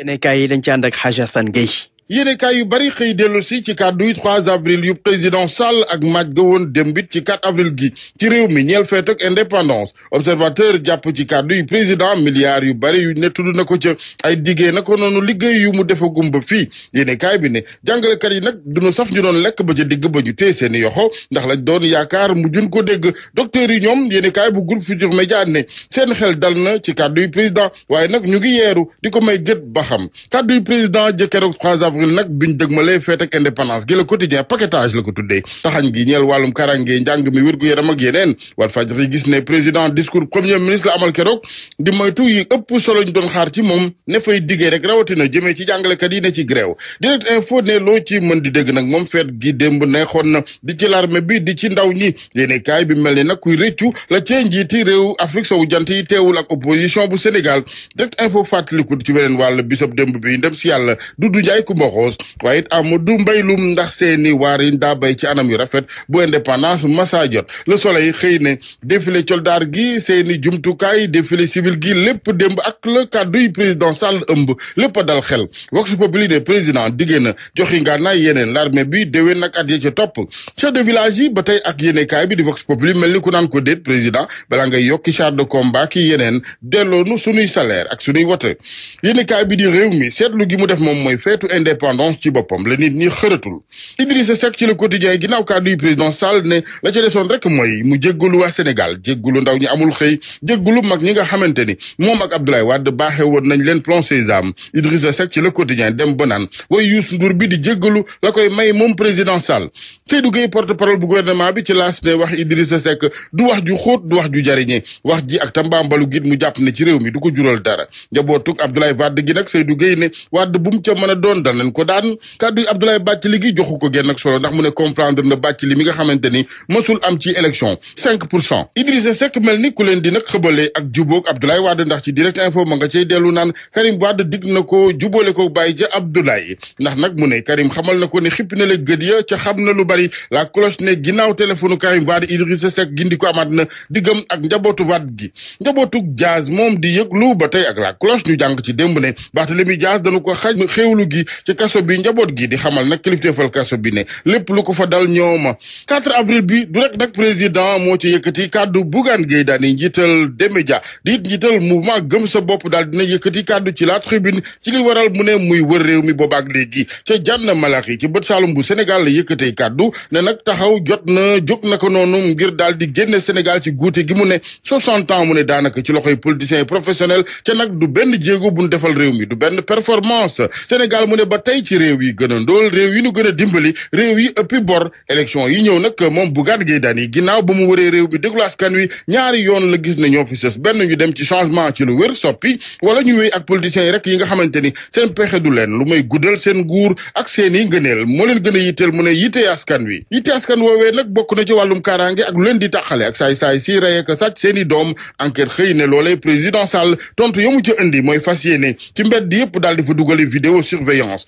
yéenekaay yi dañ ci ànd ak Hadj Assane Guèye yéenekaay yu bari xëy dellu si ci kàddu yi 3 avril yu président Sall ak maaj ga woon démbit ci 4 avril gi ci réew mi ñeel feet ak indépendance observateur jàpp ci kàddu yi président milliards yu bari yu ne na ko ca ay diggee na ko noonu liggéey yu mu defagum ba fii yéenekaay bi ne jàngalekat yi nag duñu saf ñu doon lekk ba ca digg ba ñu téye seeni yoxo ndax la doon yaakaar mu jun ko dégg docteur yi ñoom yéenekaay bu groupe Futurs Médias ne seen xel dal na ci kàddu yi président waaye nag ñu ngi yeeru di ko may gët ba xam kàddu yi président jëkkeroog avril nag biñ dëgmalee feet ak indépendance gi la quotidien paquetage la ko tuddee taxañ gi ñeel wàllum karange njàng mi wér-gu-yaram ak yeneen Walfadjri gis ne président discours premier ministre la amal keroog di moytu yi ëpp solo ñu doon ci moom ne fay diggee rek rawatina jëmee ci jàngalekat yi ne ci grève direct info ne loo ci mën di dégg nag moom feet gi démb neexoon na di ci l'armée bi di ci ndaw ñi yéene kaay bi mel ni nag kuy rëccu la cee njiiti réew Afrique sowu yi teewul ak opposition bu Sénégal direct info fàttaliku ci weneen wàll bisab démb bi ndem si yàlla Doudou Ndiaye ku mboq Croix-Rouge waaye it Amadou Mbaye Loum ndax seeni waar yi daa bay ci anam yu rafet bu indépendance massa jot le soleil xëy ne défilé soldaar gi seeni jumtukaay défilé civil gi lépp démb ak la kàddu yi président Sall ëmb lépp a dal xel vox populi ne président diggée na joxi ngaa naa yeneen l'armée bi déwén nag at ya ca topp chef de village yi ba tey ak yéenekaay bi di vox populi mel ni ku naan ko déet président balaa yokki char de combat ki yeneen delloonu sunuy salaire ak sunuy wote yéenekaay bi di réew mi seetlu gi indépendance ci boppam la nit ñi xëratul Idrissa Seck ci le quotidien ginnaaw kàddu yi président Sall ne la ca desoon rek mooy mu jéggulu waa Sénégal jéggulu ndaw ñi amul xëy jéggulu mag ñi nga xamante ni moom ak Abdoulaye Wade baaxee woon nañ leen plan Sésame Idrissa Seck ci le quotidien dem ba naan way Youssou Ndour bi di jéggalu la koy may moom président Sall Seydou Gueye porte-parole bu gouvernement bi ci laas ne wax Idrissa Seck du wax ju xóot du wax ju jariñe wax ji ak tambaambalu git mu jàpp ne ci réew mi du ko jural dara njabootug Abdoulaye Wade gi nag Seydou Gueye ne Wade bu mu ca mën a doon leen ko daan kàddu yi Abdoulaye Bathily joxu ko génn ak solo ndax mu ne comprendre na Bathily mi nga xamante ni am ci élection cinq pour mel ni ku leen di nag xëbale ak jubóog Abdoulaye Wade ndax ci direct info nga cay dellu naan Karim Wade dig na ko jubóole ko bàyyi ja Abdoulaye ndax nag mu ne Karim xamal na ko ne xippi na la gëd ya na lu bari la cloche ne ginnaaw téléphone Karim Wade Idrissa Seck gindi ko amaat na diggam ak njabootu Wade gi njabootu Diaz moom di yëglu ba tey ak la cloche ñu jàng ci démb ne ci kaso bi njaboot gi di xamal nag kilifteefal kaso bi ne lépp lu ko fa dal ñooma 4 avril bi du rek nag président moo ci yëkkati kàddu Bougane Gueye Dany njiital D-Média di njiital mouvement gëm sa bopp daal dina yëkkati kaddu ci la tribune ci li waral mu ne muy wër réew mi boobaak léegi ca jànn Malaaxi ci bët saalum bu Sénégal la yëkkatee kàddu ne nag taxaw jot na jóg na ko noonu ngir daal di génne Sénégal ci guute gi mu ne 60 ans mu ne daanaka ci loxoy politiciens professionnels ca nag du benn jéego buñ defal réew mi du benn performance Sénégal mu ne tey ci réew yi gën a ndóol réew yi nu gën a dimbali réew yi ëppi bor élection yi ñëw nag moom Bougane Gueye Dany ginnaaw ba mu wëree réew bi déglu askan wi ñaari yoon la gis ne fi sës benn ñu dem ci changement ci lu wér soppi wala ñu wéy ak politiciens yi rek yi nga xamante ni seen pexe du leen lu may guddal seen guur ak seen i ngëneel moo leen gën a yitteel mu ne yitte askan wi yitte askan woowe nag bokk na ci wàllum kaaraange ak lu leen di tàqale ak saay-saay si rey ak sàcc seen i doom xëy ne loolee président Sall tontu yomu ci indi mooy fas yéene ci mbedd yëpp daal di fa dugali vidéo surveillance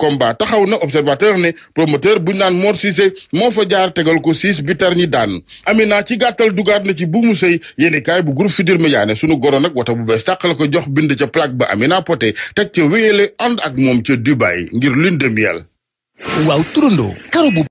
combat taxaw na observateur ne promoteur buñ naan Mor Cissé moo fa jaar tegal ko six bi tar ñi daan Amina ci gàttal dugaat na ci buumu sëy yéeni kaay bu groupe Futurs Médias ne sunu goro nag wata bu bees sàq la ko jox bind ca plaque ba Amina Poté teg ca wéyale ànd ak moom ca Dubaï ngir lune de miel waaw karo bu